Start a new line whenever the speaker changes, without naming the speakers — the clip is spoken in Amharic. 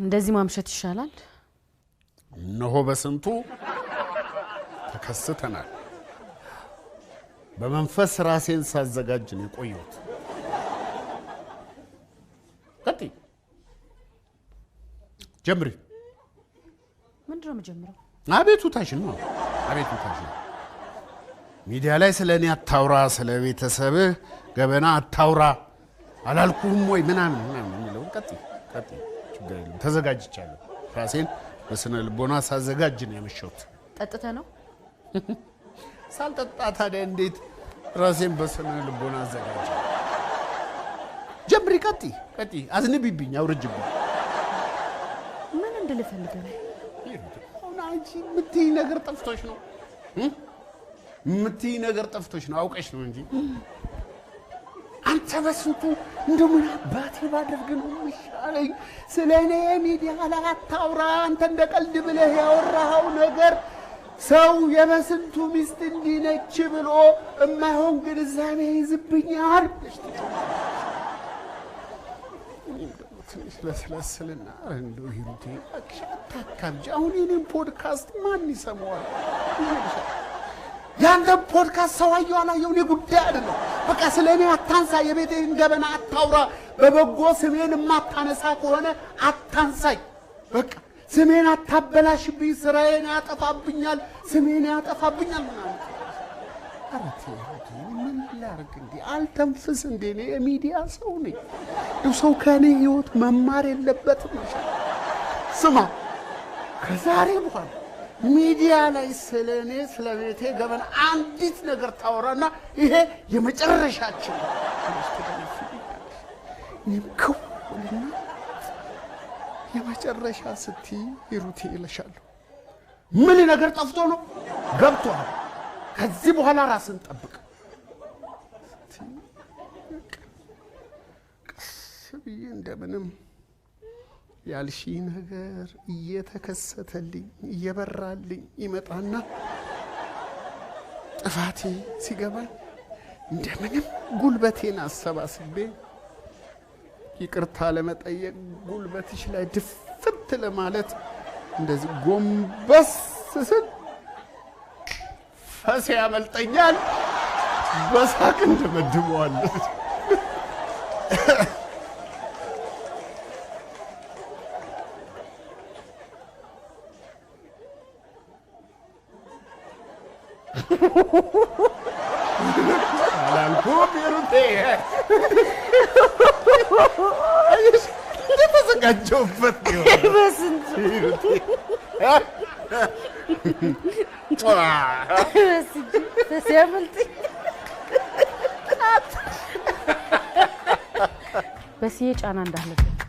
እንደዚህ ማምሸት ይሻላል።
እነሆ በስንቱ ተከስተናል። በመንፈስ ራሴን ሳዘጋጅ ነው የቆየሁት። ቀጥ ጀምሪ።
ምንድን ነው የምጀምረው?
አቤቱታሽን ነው። አቤቱታሽን ሚዲያ ላይ ስለ እኔ አታውራ፣ ስለ ቤተሰብህ ገበና አታውራ አላልኩህም ወይ ምናምን ምናምን የሚለውን ቀጥይ፣ ቀጥ ቀጥ ችግር የለም። ተዘጋጅቻለሁ። ራሴን በስነ ልቦና ሳዘጋጅ ነው የመሸሁት።
ጠጥተ ነው
ሳልጠጣ ታዲያ እንዴት ራሴን በስነ ልቦና አዘጋጅ። ጀምሪ፣ ቀጢ ቀጢ፣ አዝንቢብኝ፣ አውርጅብኝ።
ምን እንድልፈልግ ነው?
አንቺ የምትይኝ ነገር ጠፍቶች ነው። የምትይኝ ነገር ጠፍቶች ነው። አውቀሽ ነው እንጂ አንተ በስንቱ እንደው ምን አባቴ ባደርግ ነው የሚሻለኝ? ስለ እኔ ሚዲያ ላይ አታውራ። አንተ እንደ ቀልድ ብለህ ያወራኸው ነገር ሰው የበስንቱ ሚስት እንዲነች ብሎ እማይሆን ግንዛቤ ይዝብኛል። ትንሽ ለስለስልና እንደው ሂሩቴ አታካብጅ። አሁን የኔን ፖድካስት ማን ይሰማዋል? ያንተ ፖድካስት ሰው አየው አላየው እኔ ጉዳይ አይደለም። በቃ ስለ እኔ አታንሳ፣ የቤቴን ገበና አታውራ። በበጎ ስሜን የማታነሳ ከሆነ አታንሳኝ። በቃ ስሜን አታበላሽብኝ፣ ስራዬን ያጠፋብኛል፣ ስሜን ያጠፋብኛል ምናምን። ምን ላርግ እንዲ አልተንፍስ እንዲ እኔ የሚዲያ ሰው ነኝ። ሰው ከእኔ ህይወት መማር የለበትም። ስማ ከዛሬ በኋላ ሚዲያ ላይ ስለ እኔ ስለ ቤቴ ገበን አንዲት ነገር ታወራና ይሄ የመጨረሻችን እኔም ክውልና የመጨረሻ ስቲ ሂሩቴ ይለሻሉ። ምን ነገር ጠፍቶ ነው ገብቷል። ከዚህ በኋላ ራስን ጠብቅ። ቀስ ብዬ እንደምንም ያልሺ ነገር እየተከሰተልኝ እየበራልኝ ይመጣና ጥፋቴ ሲገባኝ እንደምንም ጉልበቴን አሰባስቤ ይቅርታ ለመጠየቅ ጉልበትሽ ላይ ድፍት ለማለት እንደዚህ ጎንበስ ስል ፈሴ ያመልጠኛል። በሳቅ እንደመድመዋለች። Alan copio usted. Ay, ¿Qué pasa, gancho?
¿Qué pasa? Se se llama el tío. በስዬ ጫና እንዳለብን